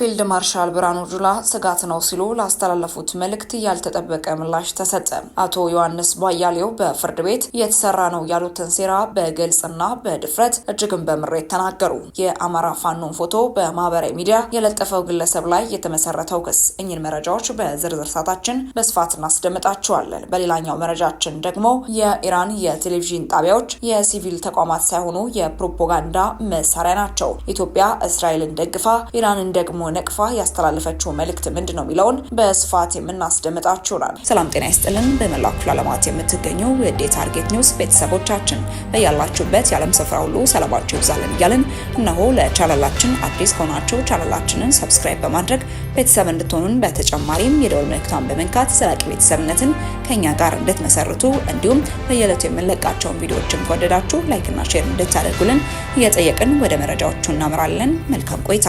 ፊልድ ማርሻል ብርሃኑ ጁላ ስጋት ነው ሲሉ ላስተላለፉት መልእክት ያልተጠበቀ ምላሽ ተሰጠ። አቶ ዮሐንስ ቧያሌው በፍርድ ቤት የተሰራ ነው ያሉትን ሴራ በግልጽና በድፍረት እጅግም በምሬት ተናገሩ። የአማራ ፋኖን ፎቶ በማህበራዊ ሚዲያ የለጠፈው ግለሰብ ላይ የተመሰረተው ክስ። እኚህን መረጃዎች በዝርዝር ሰዓታችን በስፋት እናስደምጣቸዋለን። በሌላኛው መረጃችን ደግሞ የኢራን የቴሌቪዥን ጣቢያዎች የሲቪል ተቋማት ሳይሆኑ የፕሮፓጋንዳ መሳሪያ ናቸው። ኢትዮጵያ እስራኤልን ደግፋ ኢራንን ደግሞ ነቅፋ ያስተላለፈችው መልእክት ምንድን ነው የሚለውን በስፋት የምናስደምጣችሁ ይሆናል። ሰላም ጤና ይስጥልን። በመላው ክፍለ ዓለማት የምትገኙ የዴ ታርጌት ኒውስ ቤተሰቦቻችን በያላችሁበት የዓለም ስፍራ ሁሉ ሰላማችሁ ይብዛልን እያልን እነሆ ለቻናላችን አዲስ ከሆናችሁ ቻናላችንን ሰብስክራይብ በማድረግ ቤተሰብ እንድትሆኑን በተጨማሪም የደወል ምልክቷን በመንካት ዘላቂ ቤተሰብነትን ከኛ ጋር እንድትመሰርቱ እንዲሁም በየዕለቱ የምንለቃቸውን ቪዲዮዎችን ከወደዳችሁ ላይክና ሼር እንድታደርጉልን እየጠየቅን ወደ መረጃዎቹ እናምራለን። መልካም ቆይታ።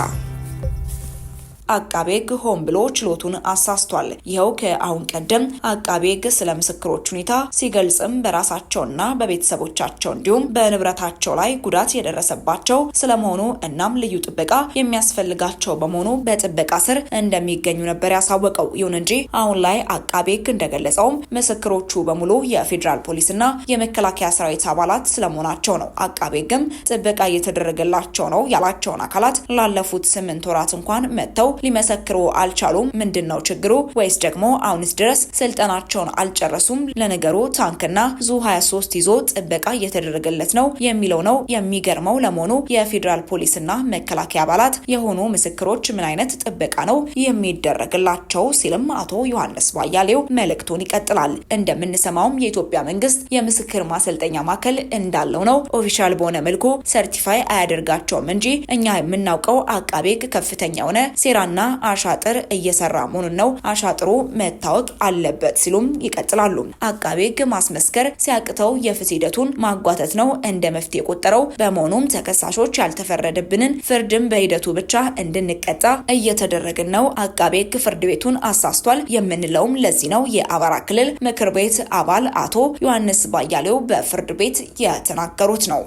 አቃቤ ሕግ ሆን ብሎ ችሎቱን አሳስቷል። ይኸው ከአሁን ቀደም አቃቤ ህግ ስለ ምስክሮች ሁኔታ ሲገልጽም በራሳቸውና በቤተሰቦቻቸው እንዲሁም በንብረታቸው ላይ ጉዳት የደረሰባቸው ስለመሆኑ እናም ልዩ ጥበቃ የሚያስፈልጋቸው በመሆኑ በጥበቃ ስር እንደሚገኙ ነበር ያሳወቀው። ይሁን እንጂ አሁን ላይ አቃቤ ህግ እንደገለጸውም ምስክሮቹ በሙሉ የፌዴራል ፖሊስና የመከላከያ ሰራዊት አባላት ስለመሆናቸው ነው። አቃቤ ህግም ጥበቃ እየተደረገላቸው ነው ያላቸውን አካላት ላለፉት ስምንት ወራት እንኳን መጥተው ሊመሰክሩ አልቻሉም። ምንድን ነው ችግሩ? ወይስ ደግሞ አሁንስ ድረስ ስልጠናቸውን አልጨረሱም? ለነገሩ ታንክና ዙ 23 ይዞ ጥበቃ እየተደረገለት ነው የሚለው ነው የሚገርመው። ለመሆኑ የፌዴራል ፖሊስና መከላከያ አባላት የሆኑ ምስክሮች ምን አይነት ጥበቃ ነው የሚደረግላቸው? ሲልም አቶ ዮሐንስ ባያሌው መልእክቱን ይቀጥላል። እንደምንሰማውም የኢትዮጵያ መንግስት የምስክር ማሰልጠኛ ማዕከል እንዳለው ነው። ኦፊሻል በሆነ መልኩ ሰርቲፋይ አያደርጋቸውም እንጂ እኛ የምናውቀው አቃቤ ህግ ከፍተኛ የሆነ ሴራ ዋና አሻጥር እየሰራ መሆኑን ነው። አሻጥሩ መታወቅ አለበት ሲሉም ይቀጥላሉ። አቃቤ ሕግ ማስመስከር ሲያቅተው የፍትህ ሂደቱን ማጓተት ነው እንደ መፍትሄ የቆጠረው። በመሆኑም ተከሳሾች ያልተፈረደብንን ፍርድም በሂደቱ ብቻ እንድንቀጣ እየተደረግን ነው። አቃቤ ሕግ ፍርድ ቤቱን አሳስቷል የምንለውም ለዚህ ነው። የአማራ ክልል ምክር ቤት አባል አቶ ዮሐንስ ባያሌው በፍርድ ቤት የተናገሩት ነው።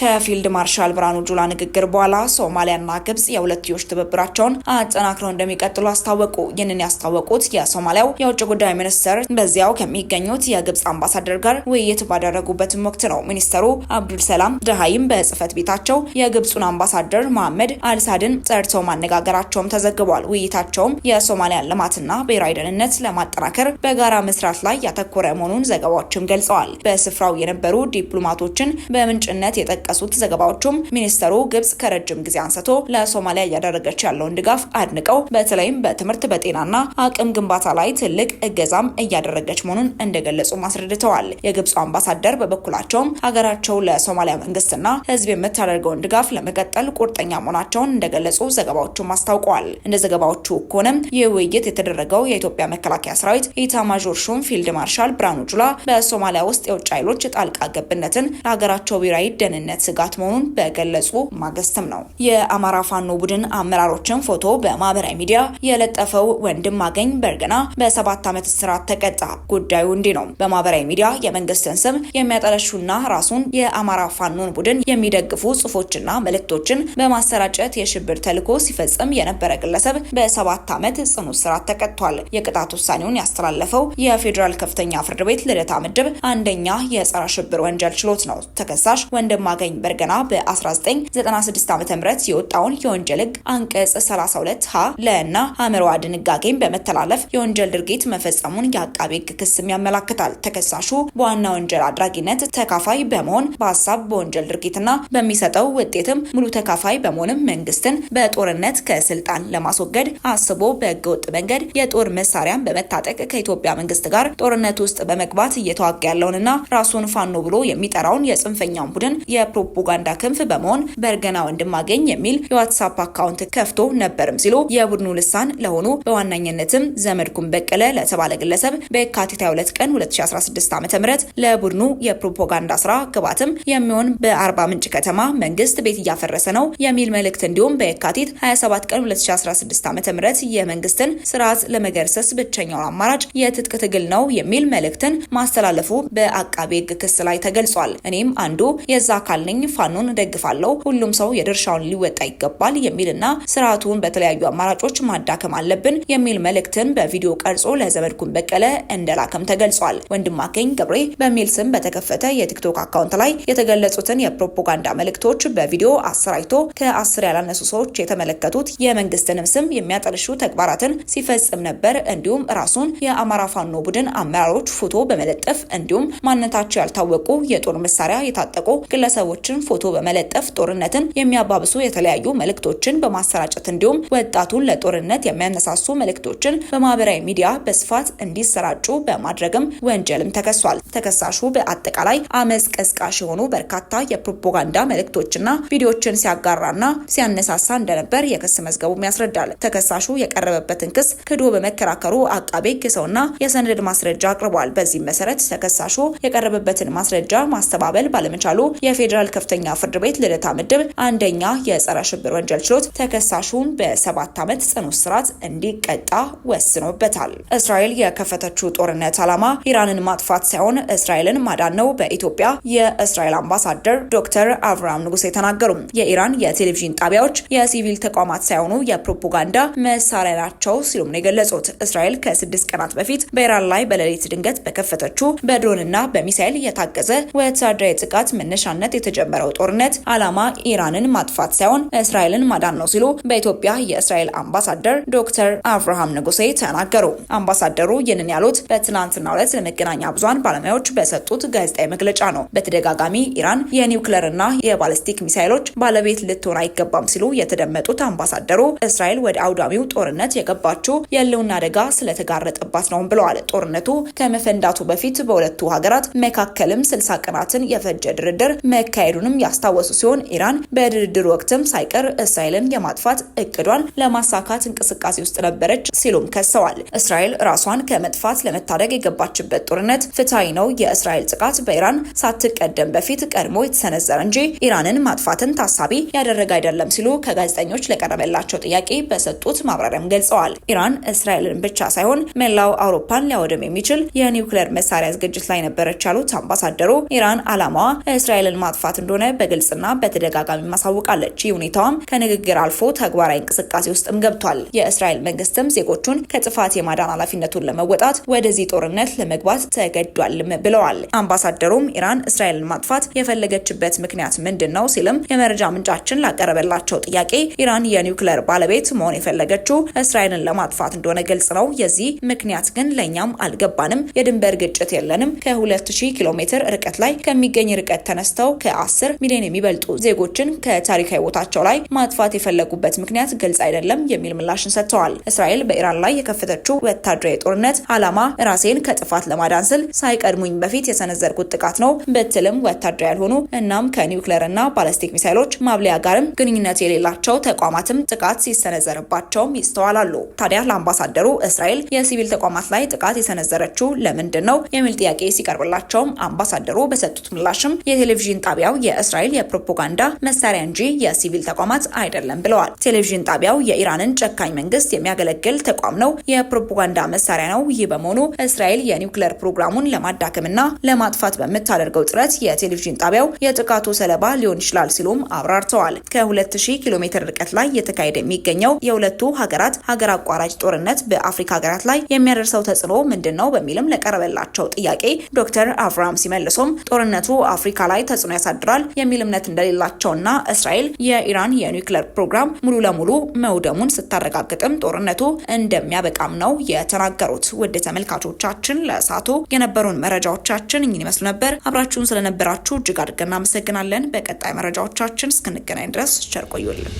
ከፊልድ ማርሻል ብርሃኑ ጁላ ንግግር በኋላ ሶማሊያና ግብጽ የሁለትዮሽ ትብብራቸውን አጠናክረው እንደሚቀጥሉ አስታወቁ። ይህንን ያስታወቁት የሶማሊያው የውጭ ጉዳይ ሚኒስትር በዚያው ከሚገኙት የግብጽ አምባሳደር ጋር ውይይት ባደረጉበትም ወቅት ነው። ሚኒስትሩ አብዱልሰላም ድሃይም በጽህፈት ቤታቸው የግብጹን አምባሳደር መሐመድ አልሳድን ጠርተው ማነጋገራቸውም ተዘግቧል። ውይይታቸውም የሶማሊያን ልማትና ብሔራዊ ደህንነት ለማጠናከር በጋራ መስራት ላይ ያተኮረ መሆኑን ዘገባዎችም ገልጸዋል። በስፍራው የነበሩ ዲፕሎማቶችን በምንጭነት የጠቀ የተጠቀሱት ዘገባዎቹም ሚኒስተሩ ግብጽ ከረጅም ጊዜ አንስቶ ለሶማሊያ እያደረገች ያለውን ድጋፍ አድንቀው በተለይም በትምህርት በጤናና አቅም ግንባታ ላይ ትልቅ እገዛም እያደረገች መሆኑን እንደገለጹ አስረድተዋል። የግብፁ አምባሳደር በበኩላቸውም ሀገራቸው ለሶማሊያ መንግስትና ህዝብ የምታደርገውን ድጋፍ ለመቀጠል ቁርጠኛ መሆናቸውን እንደገለጹ ዘገባዎቹም አስታውቀዋል። እንደ ዘገባዎቹ ከሆነም ይህ ውይይት የተደረገው የኢትዮጵያ መከላከያ ሰራዊት ኢታማዦር ሹም ፊልድ ማርሻል ብርሃኑ ጁላ በሶማሊያ ውስጥ የውጭ ኃይሎች ጣልቃ ገብነትን ለሀገራቸው ብሔራዊ ደህንነት የደህንነት ስጋት መሆኑን በገለጹ ማግስትም ነው የአማራ ፋኖ ቡድን አመራሮችን ፎቶ በማህበራዊ ሚዲያ የለጠፈው ወንድም አገኝ በርገና በሰባት ዓመት እስራት ተቀጣ። ጉዳዩ እንዲህ ነው። በማህበራዊ ሚዲያ የመንግስትን ስም የሚያጠለሹና ራሱን የአማራ ፋኖን ቡድን የሚደግፉ ጽሁፎችና መልእክቶችን በማሰራጨት የሽብር ተልዕኮ ሲፈጽም የነበረ ግለሰብ በሰባት ዓመት ጽኑ እስራት ተቀጥቷል። የቅጣት ውሳኔውን ያስተላለፈው የፌዴራል ከፍተኛ ፍርድ ቤት ልደታ ምድብ አንደኛ የጸረ ሽብር ወንጀል ችሎት ነው። ተከሳሽ ወንድም አገኝ ዘበኝ በርገና በ1996 ዓ ም የወጣውን የወንጀል ህግ አንቀጽ 32 ሀ ለና አምርዋ ድንጋጌን በመተላለፍ የወንጀል ድርጊት መፈጸሙን የአቃቢ ህግ ክስም ያመላክታል። ተከሳሹ በዋና ወንጀል አድራጊነት ተካፋይ በመሆን በሀሳብ በወንጀል ድርጊትና በሚሰጠው ውጤትም ሙሉ ተካፋይ በመሆንም መንግስትን በጦርነት ከስልጣን ለማስወገድ አስቦ በህገወጥ መንገድ የጦር መሳሪያን በመታጠቅ ከኢትዮጵያ መንግስት ጋር ጦርነት ውስጥ በመግባት እየተዋጋ ያለውንና ራሱን ፋኖ ብሎ የሚጠራውን የጽንፈኛውን ቡድን የፕሮፓጋንዳ ክንፍ በመሆን በርገና ወንድማገኝ የሚል የዋትሳፕ አካውንት ከፍቶ ነበርም ሲሉ የቡድኑ ልሳን ለሆኑ በዋናኝነትም ዘመድኩን በቀለ ለተባለ ግለሰብ በየካቲት 22 ቀን 2016 ዓ ም ለቡድኑ የፕሮፓጋንዳ ስራ ግባትም የሚሆን በአርባ ምንጭ ከተማ መንግስት ቤት እያፈረሰ ነው የሚል መልእክት እንዲሁም በየካቲት 27 ቀን 2016 ዓ ም የመንግስትን ስርዓት ለመገርሰስ ብቸኛው አማራጭ የትጥቅ ትግል ነው የሚል መልእክትን ማስተላለፉ በአቃቤ ህግ ክስ ላይ ተገልጿል። እኔም አንዱ የዛ አካል ነኝ፣ ፋኖን እደግፋለሁ፣ ሁሉም ሰው የድርሻውን ሊወጣ ይገባል የሚልና ስርዓቱን በተለያዩ አማራጮች ማዳከም አለብን የሚል መልእክትን በቪዲዮ ቀርጾ ለዘመድ ኩን በቀለ እንደላከም ተገልጿል። ወንድማገኝ ገብሬ በሚል ስም በተከፈተ የቲክቶክ አካውንት ላይ የተገለጹትን የፕሮፓጋንዳ መልእክቶች በቪዲዮ አሰራጭቶ ከአስር ያላነሱ ሰዎች የተመለከቱት የመንግስትንም ስም የሚያጠልሹ ተግባራትን ሲፈጽም ነበር። እንዲሁም ራሱን የአማራ ፋኖ ቡድን አመራሮች ፎቶ በመለጠፍ እንዲሁም ማንነታቸው ያልታወቁ የጦር መሳሪያ የታጠቁ ግለሰቦች ሰዎችን ፎቶ በመለጠፍ ጦርነትን የሚያባብሱ የተለያዩ መልእክቶችን በማሰራጨት እንዲሁም ወጣቱን ለጦርነት የሚያነሳሱ መልእክቶችን በማህበራዊ ሚዲያ በስፋት እንዲሰራጩ በማድረግም ወንጀልም ተከሷል። ተከሳሹ በአጠቃላይ አመፅ ቀስቃሽ የሆኑ በርካታ የፕሮፓጋንዳ መልእክቶችና ቪዲዮዎችን ሲያጋራና ሲያነሳሳ እንደነበር የክስ መዝገቡም ያስረዳል። ተከሳሹ የቀረበበትን ክስ ክዶ በመከራከሩ አቃቤ ክሰውና የሰነድ ማስረጃ አቅርቧል። በዚህም መሰረት ተከሳሹ የቀረበበትን ማስረጃ ማስተባበል ባለመቻሉ የፌዴራል ፌዴራል ከፍተኛ ፍርድ ቤት ልደታ ምድብ አንደኛ የጸረ ሽብር ወንጀል ችሎት ተከሳሹን በሰባት ዓመት ጽኑ እስራት እንዲቀጣ ወስኖበታል። እስራኤል የከፈተችው ጦርነት ዓላማ ኢራንን ማጥፋት ሳይሆን እስራኤልን ማዳን ነው በኢትዮጵያ የእስራኤል አምባሳደር ዶክተር አብርሃም ንጉሴ ተናገሩ። የኢራን የቴሌቪዥን ጣቢያዎች የሲቪል ተቋማት ሳይሆኑ የፕሮፓጋንዳ መሳሪያ ናቸው ሲሉም ነው የገለጹት። እስራኤል ከስድስት ቀናት በፊት በኢራን ላይ በሌሊት ድንገት በከፈተችው በድሮንና በሚሳይል የታገዘ ወታደራዊ ጥቃት መነሻነት የተጀመረው ጦርነት ዓላማ ኢራንን ማጥፋት ሳይሆን እስራኤልን ማዳን ነው ሲሉ በኢትዮጵያ የእስራኤል አምባሳደር ዶክተር አብርሃም ንጉሴ ተናገሩ። አምባሳደሩ ይህንን ያሉት በትናንትና ዕለት ለመገናኛ ብዙሃን ባለሙያዎች በሰጡት ጋዜጣዊ መግለጫ ነው። በተደጋጋሚ ኢራን የኒውክለርና የባለስቲክ ሚሳይሎች ባለቤት ልትሆን አይገባም ሲሉ የተደመጡት አምባሳደሩ እስራኤል ወደ አውዳሚው ጦርነት የገባችው የሕልውና አደጋ ስለተጋረጠባት ነው ብለዋል። ጦርነቱ ከመፈንዳቱ በፊት በሁለቱ ሀገራት መካከልም ስልሳ ቀናትን የፈጀ ድርድር መከ ማካሄዱንም ያስታወሱ ሲሆን ኢራን በድርድር ወቅትም ሳይቀር እስራኤልን የማጥፋት እቅዷን ለማሳካት እንቅስቃሴ ውስጥ ነበረች ሲሉም ከሰዋል። እስራኤል ራሷን ከመጥፋት ለመታደግ የገባችበት ጦርነት ፍትሐዊ ነው። የእስራኤል ጥቃት በኢራን ሳትቀደም በፊት ቀድሞ የተሰነዘረ እንጂ ኢራንን ማጥፋትን ታሳቢ ያደረገ አይደለም ሲሉ ከጋዜጠኞች ለቀረበላቸው ጥያቄ በሰጡት ማብራሪያም ገልጸዋል። ኢራን እስራኤልን ብቻ ሳይሆን መላው አውሮፓን ሊያወድም የሚችል የኒውክሌር መሳሪያ ዝግጅት ላይ ነበረች ያሉት አምባሳደሩ ኢራን ዓላማዋ እስራኤልን ማጥፋት ለማጥፋት እንደሆነ በግልጽና በተደጋጋሚ ማሳውቃለች። ይህ ሁኔታዋም ከንግግር አልፎ ተግባራዊ እንቅስቃሴ ውስጥም ገብቷል። የእስራኤል መንግስትም ዜጎቹን ከጥፋት የማዳን ኃላፊነቱን ለመወጣት ወደዚህ ጦርነት ለመግባት ተገዷልም ብለዋል። አምባሳደሩም ኢራን እስራኤልን ማጥፋት የፈለገችበት ምክንያት ምንድን ነው ሲልም የመረጃ ምንጫችን ላቀረበላቸው ጥያቄ ኢራን የኒውክሌር ባለቤት መሆን የፈለገችው እስራኤልን ለማጥፋት እንደሆነ ግልጽ ነው። የዚህ ምክንያት ግን ለእኛም አልገባንም። የድንበር ግጭት የለንም። ከ2000 ኪሎ ሜትር ርቀት ላይ ከሚገኝ ርቀት ተነስተው ከ ከ10 ሚሊዮን የሚበልጡ ዜጎችን ከታሪካዊ ቦታቸው ላይ ማጥፋት የፈለጉበት ምክንያት ግልጽ አይደለም የሚል ምላሽን ሰጥተዋል። እስራኤል በኢራን ላይ የከፈተችው ወታደራዊ ጦርነት ዓላማ ራሴን ከጥፋት ለማዳን ስል ሳይቀድሙኝ በፊት የሰነዘርኩት ጥቃት ነው ብትልም ወታደራዊ ያልሆኑ እናም ከኒውክሌር እና ባለስቲክ ሚሳይሎች ማብለያ ጋርም ግንኙነት የሌላቸው ተቋማትም ጥቃት ሲሰነዘርባቸውም ይስተዋላሉ። ታዲያ ለአምባሳደሩ እስራኤል የሲቪል ተቋማት ላይ ጥቃት የሰነዘረችው ለምንድን ነው የሚል ጥያቄ ሲቀርብላቸውም አምባሳደሩ በሰጡት ምላሽም የቴሌቪዥን ጣቢያ ጣቢያው የእስራኤል የፕሮፓጋንዳ መሳሪያ እንጂ የሲቪል ተቋማት አይደለም ብለዋል። ቴሌቪዥን ጣቢያው የኢራንን ጨካኝ መንግስት የሚያገለግል ተቋም ነው፣ የፕሮፓጋንዳ መሳሪያ ነው። ይህ በመሆኑ እስራኤል የኒውክሌር ፕሮግራሙን ለማዳከምና ለማጥፋት በምታደርገው ጥረት የቴሌቪዥን ጣቢያው የጥቃቱ ሰለባ ሊሆን ይችላል ሲሉም አብራርተዋል። ከ2000 ኪሎ ሜትር ርቀት ላይ የተካሄደ የሚገኘው የሁለቱ ሀገራት ሀገር አቋራጭ ጦርነት በአፍሪካ ሀገራት ላይ የሚያደርሰው ተጽዕኖ ምንድን ነው በሚልም ለቀረበላቸው ጥያቄ ዶክተር አብርሃም ሲመልሶም ጦርነቱ አፍሪካ ላይ ተጽዕኖ ያሳድ ያሳድራል የሚል እምነት እንደሌላቸውና እስራኤል የኢራን የኒውክሌር ፕሮግራም ሙሉ ለሙሉ መውደሙን ስታረጋግጥም ጦርነቱ እንደሚያበቃም ነው የተናገሩት። ውድ ተመልካቾቻችን ለእሳቱ የነበሩን መረጃዎቻችን እኝን ይመስሉ ነበር። አብራችሁን ስለነበራችሁ እጅግ አድርገን እናመሰግናለን። በቀጣይ መረጃዎቻችን እስክንገናኝ ድረስ ቸር ቆዩልን።